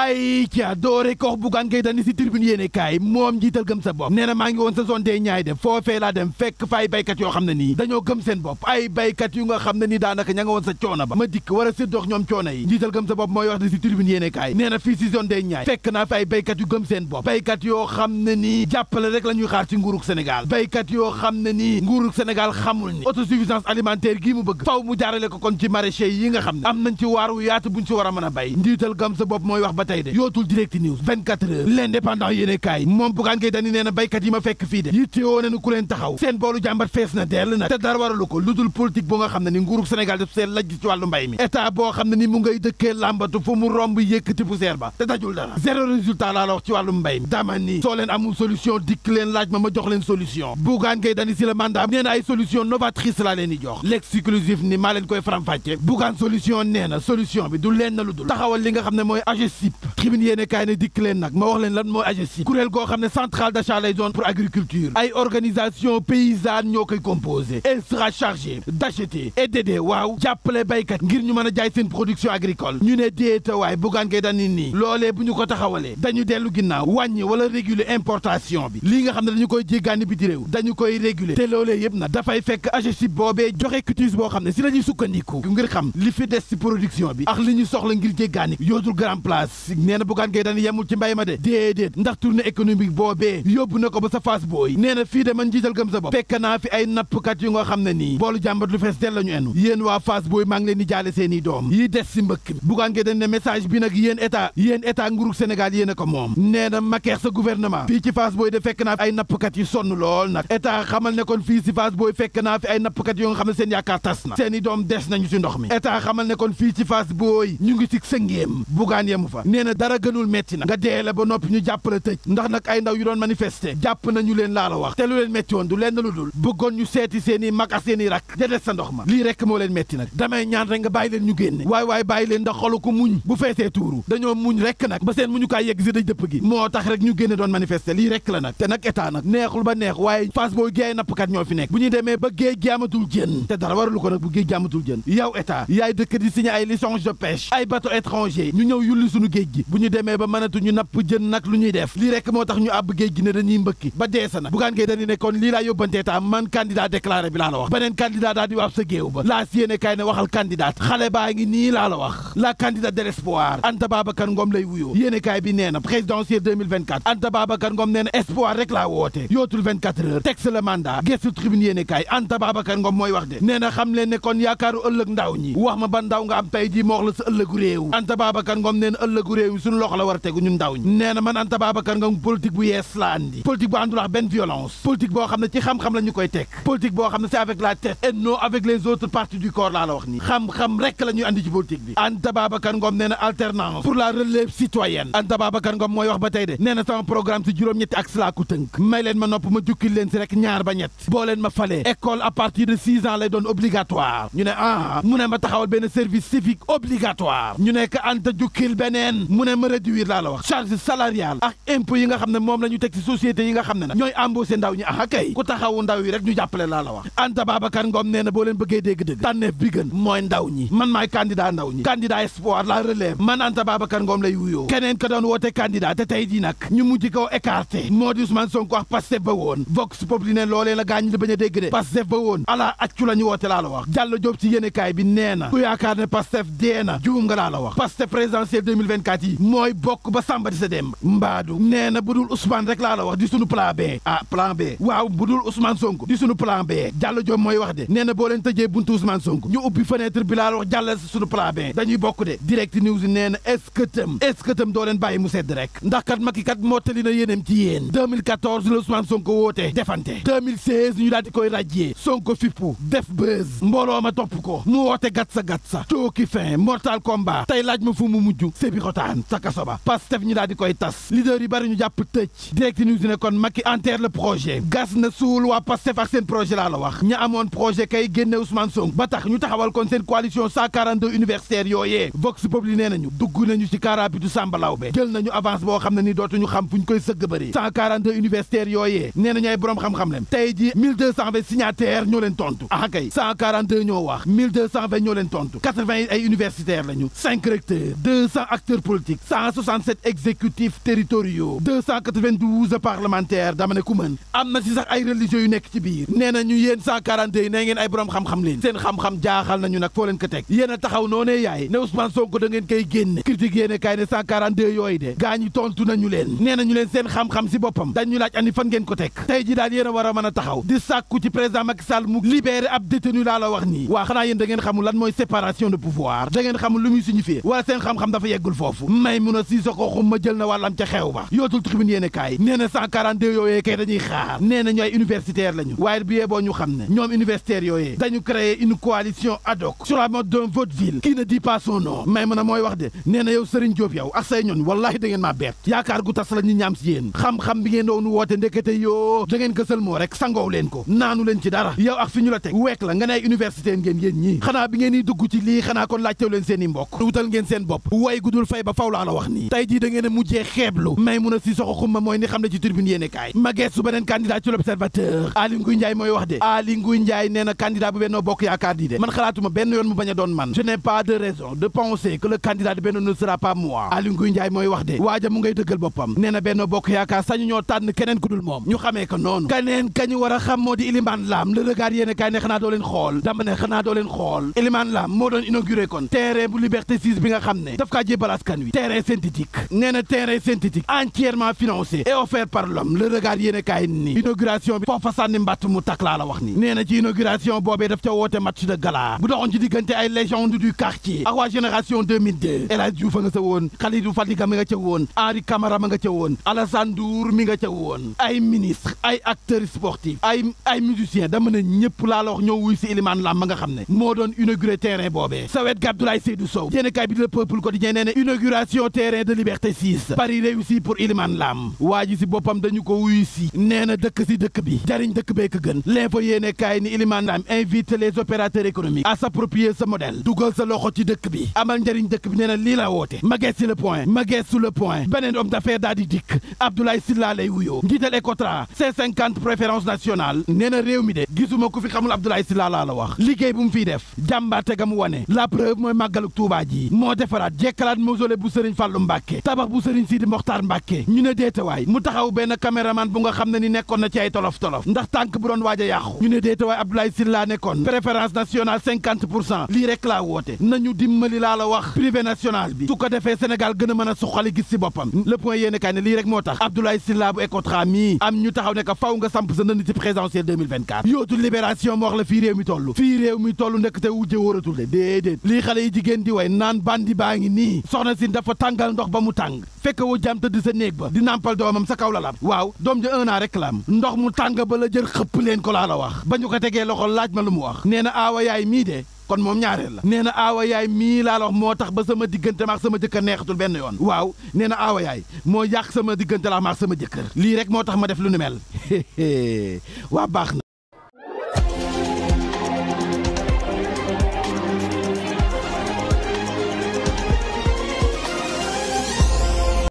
ay ca doore kox buggaan ngay dani si tribune yéene kaay moom njiital gëm sa bopp nee maa ngi woon sa zone ñaay de foofee laa dem fekk fa ay baykat yoo xam ne nii dañoo gëm seen bopp ay baykat yu nga xam ne nii daanaka ña woon sa coono ba ma dikk war a séddox ñoom coono yi njiital gëm sa bopp mooy wax ne si tribune yéene kaay fii si zone ñaay fekk naa fi ay baykat yu gëm seen bopp baykat yoo xam ne nii jàppale rek la ñuy xaar ci nguurug Sénégal baykat yoo xam ne nii nguurug Sénégal xamul ni autosuffisance a mën a bay njiital gëm tey de yootul direct news 24 heures l'indépendant yéene kaay moom bugaan ngay dani nee na béykat yi ma fekk fii de yittewoo nañu ku leen taxaw seen boolu jàmbat fees na dell nag te dara waralu ko lu dul politique bu nga xam ne ni nguurug Sénégal def seen laj ci wàllu mbay mi état boo xam ne ni mu ngay dëkkee làmbatu fu mu romb yëkkati poussière ba te dajul dara zéro résultat laa la wax ci wàllu mbay mi dama ni soo leen amul solution dikk leen laaj ma ma jox leen solution bugaan ngay dani si la mandat nee na ay solution bi du leen na lu li nga xam ne mooy tribune yéene kaay ne dikk leen nag ma wax leen lan mooy AGESIP kuréel goo xam ne centrale d'achat lay doon pour agriculture ay organisation paysanne ñoo koy composé elle sera chargée d'acheter waaw jàppale baykat ngir ñu mën a jaay seen production agricole ñu ne déetawaay buggaan ngay dañu nii loolee bu ñu ko taxawalee dañu dellu ginnaaw wàññi wala régulé importation bi lii nga xam ne dañu koy jéggaani biti réew dañu koy régulé te loolee yëpp nag dafay fekk AGESIP boobee joxe cutis boo xam ne si la sukkandiku ngir xam li fi des si production bi ak li ñu soxla ngir jéggaani yootul grand place nee na Bougane Gueye Dany yemul ci mbay ma de déedéet ndax tournée économique boobee yóbbu na ko ba sa faas booy nee na fii de man njiital gëm sa bopp fekk naa fi ay nappkat yu nga xam ne nii boolu jàmbat lu fees del la ñu enu yéen waa faas jaale seeni doom yi des si mbëkk mi Bougane Gueye ne message bi nag yéen état yéen état nguurug Sénégal yéen ko moom nee makeex sa gouvernement fii ci faas booy de fekk naa fi ay nappkat yu sonn lool nag état xamal ne kon fii si faas booy fekk naa fi ay nappkat yoo nga xam ne seen yaakaar tas na seeni doom des nañu nee na dara gënul metti na nga dee la ba noppi ñu jàppale tëj ndax nag ay ndaw yu doon manifester jàpp nañu leen laa la wax te lu leen metti woon du leen lu dul bëggoon ñu seeti seen i mag ak seen rak ja des sa ndox ma lii rekk moo leen metti nag damay ñaan rek nga bàyyi leen ñu génne waay waay bàyyi leen ndax xolu ko muñ bu feesee tuuru dañoo muñ rekk nag ba seen muñu kaay yegg si daj dëpp gi moo tax rek ñu génne doon manifester lii rekk la nag te nag état nag neexul ba neex waaye face booy géey nappkat ñoo fi nekk bu ñuy demee ba géej gi dara waralu ko nag bu géej gi amatul yow état yaay dëkk di signé ay licence de pêche ay bateau ñu ñëw yulli suñu géej gi bu ñu demee ba mënatuñu napp jën nag lu ñuy def lii rek moo tax ñu àbb géej gi ne dañuy mbëkki ba dee sa nag bugaan ngay dañu ne kon lii laa yóbbantee taa man candidat déclaré bi laa la wax beneen candidat daa di waab sa géew ba laas yéene kaay ne waxal candidat xale baa ngi nii laa la wax la candidat de l'espoir Anta Babacar Ngom lay wuyoo yéene kaay bi nee na présidentielle 2024 Anta Babacar Ngom nee espoir rek laa woote yootul 24 mooy wax de nee na xam leen ñi wax ba ndaw nga am tey la politique réew mi suñu loxo la war a tegu ñun ndaw ñi nee man Anta Babacar Ngom politique bu yees la andi politique bu àndul benn violence politique boo xam ne ci xam-xam la koy teg politique boo xam ne c'est avec la tête et non avec les autres parties du corps laa la wax nii xam-xam rek la ñuy ci politique bi Anta Babacar Ngom nee alternance pour la relève citoyenne Anta Babacar Ngom mooy wax ba tey de nee na sama programme si juróom-ñetti axe si rek mu ne ma laa la wax charge salariale ak impôt yi nga xam ne moom la teg ci société yi nga xam ne nag ñooy embauché ndaw ñi ah ku taxawu ndaw yi ñu jàppale laa la wax Anta Babacar Ngom nee na boo bëggee dégg-dëgg tànneef bi gën mooy ndaw ñi man maay candidat ndaw ñi candidat espoir la relève man Anta Babacar Ngom lay wuyoo keneen ka doon woote te tey ji ñu mujj koo écarté moo di Ousmane Sonko wax Pastef ba liggéeykat yi mooy bokk ba sàmbati sa dem mbaadu nee bu dul Ousmane rek laa la wax di sunu plan B ah plan B waaw bu dul Ousmane Sonko di sunu plan B Diallo Diop mooy wax de nee boo leen tëjee buntu Ousmane Sonko ñu ubbi fenêtre bi laa la wax jàllale sa sunu plan B dañuy bokk de direct news nee na est-ce que tam doo leen bàyyi mu sedd rek ndax kat Macky kat mottali na yéenam ci yéen la Ousmane Sonko woote defante ñu daal koy rajjee Sonko fippu def waxtaan Pastef ñu daal di koy tas leader yu bari ñu jàpp tëj direct news kon Macky enterre le projet gas na suul waa Pastef ak seen projet laa la wax ña amoon projet kay génne Ousmane Sonko ba tax ñu taxawal kon seen coalition 142 universitaires yooyee Vox Populi nee nañu dugg nañu ci kaaraapitu Samba Lawbe jël nañu avance boo xam ne ni dootuñu xam fu ñu koy sëgg bëri 142 universitaires yooyee nee nañu ay boroom xam-xam leen tey ji 1220 politique 167 exécutifs territoriaux 292 parlementaires dama ne ku mën am na si sax ay religieux yu nekk ci biir nee na ñu yéen nee ngeen ay borom xam-xam leen seen xam-xam jaaxal nañu nag foo leen ko teg yéen taxaw noonee yaay ne Ousmane Sonko da ngeen koy génne critique yéen kaay ne yooyu de gaa tontu nañu leen nee nañu leen seen xam-xam si boppam dañu laaj ani fan ngeen ko teg tey ji daal yéen a mën a taxaw di sàkku ci président Macky Sall mu libéré foofu Maymuna Sisoko xumma jël na wàllam ca xew ba yootul tribune yéen kaay nee na 142 kay dañuy xaar nee na ñooy universitaire lañu waaye bi yee ñu xam ne ñoom universitaire yooyee dañu créer une coalition ad hoc sur la mode d'un vaudeville qui ne dit pas son mooy wax de nee na yow Serigne Diop yow ak say ñoñ wallaahi da ngeen maa yaakaar gu tas la ñaam si yéen xam-xam bi ngeen doon woote ndekete yoo da kësal moo rek ko naanu leen ci dara yow ak fi lii xanaa kon laajtew leen seen ba faw laa la wax nii tey jii a mujjee xeeblu Maimouna Sissoko mooy ni xam ne ci tribune yéene kaay ma geestu beneen candidat ci l'observateur Aly Ngouille mooy wax de Aly Ngouille Ndiaye nee bu Benno Bokk Yaakaar di de man xalaatuma benn yoon mu bañ a doon man je pas de raison de penser que le candidat de Benno ne pas moi Aly Ngouille mooy wax de waaja mu ngay dëggal boppam nee na Bokk Yaakaar sañu ñoo tànn keneen ku dul moom ñu askan wi terrain synthétique nee na terrain synthétique entièrement financé et offert par l'homme le kaay nii inauguration bi foofa sànni mbàtt mu tak laa la wax ni nee ci inauguration boobee daf ca woote match de gala bu doxoon ci diggante ay légende du quartier ak waa génération 2002 El Hadj Diouf a nga sa woon Khalidou Fadiga mi nga ca woon Henri Camara ma nga ca woon Alassane mi nga ca woon ay ministre ay acteurs sportifs ay ay musiciens dama ne ñëpp la wax ñoo wuy si Ilimane Lam ma nga xam inauguration terrain de liberté 6 Paris réussi pour Iliman Lam waa ji si boppam dañu ko wuyu si dëkk si dëkk bi jariñ dëkk bee ko gën yéene kaay ni Iliman Lam invite les opérateurs économiques à s'approprier ce modèle dugal sa loxo ci dëkk bi amal njariñ dëkk bi nee lii la woote magee si le point magee sur le point beneen homme d'affaires daal di dikk lay wuyoo njiital Ecotra préférence nationale nee réew mi de gisuma ku fi xamul Abdoulaye Sylla laa la wax doole bu sëriñ Fàllu Mbàkke tabax bu sëriñ Sidi Moxtaar Mbàkke ñu ne deetewaay mu taxaw benn caméraman bu nga xam ne ni nekkoon na ci ay tolof-tolof ndax tànk bu doon waaj a yàqu ñu ne deetewaay Abdoulaye Sylla nekkoon préférence nationale cinquante pour cent lii rek laa woote nañu dimbali laa la wax privé national bi su ko defee Sénégal gën a mën a suqali gis si boppam le point yéene kaay ne lii rek moo tax Abdoulaye Sylla bu Ecotra mii am ñu taxaw ne faw nga samp sa Yacine dafa tàngal ndox ba mu tàng fekk wu jam tëdd sa néeg ba di nàmpal doomam sa kaw la lam waaw doom ji un an rek la ndox mu tàng ba la jël xëpp leen ko laa la wax ba ñu ko tegee loxo laaj ma lu mu wax nee na aawa yaay mii de kon moom ñaareel la nee na aawa yaay mii laa la moo tax ba sama diggante maak sama jëkkër neexatul benn yoon waaw nee na aawa yaay moo yàq sama diggante la maak sama jëkkër lii rek moo tax ma def lu ni mel waa baax na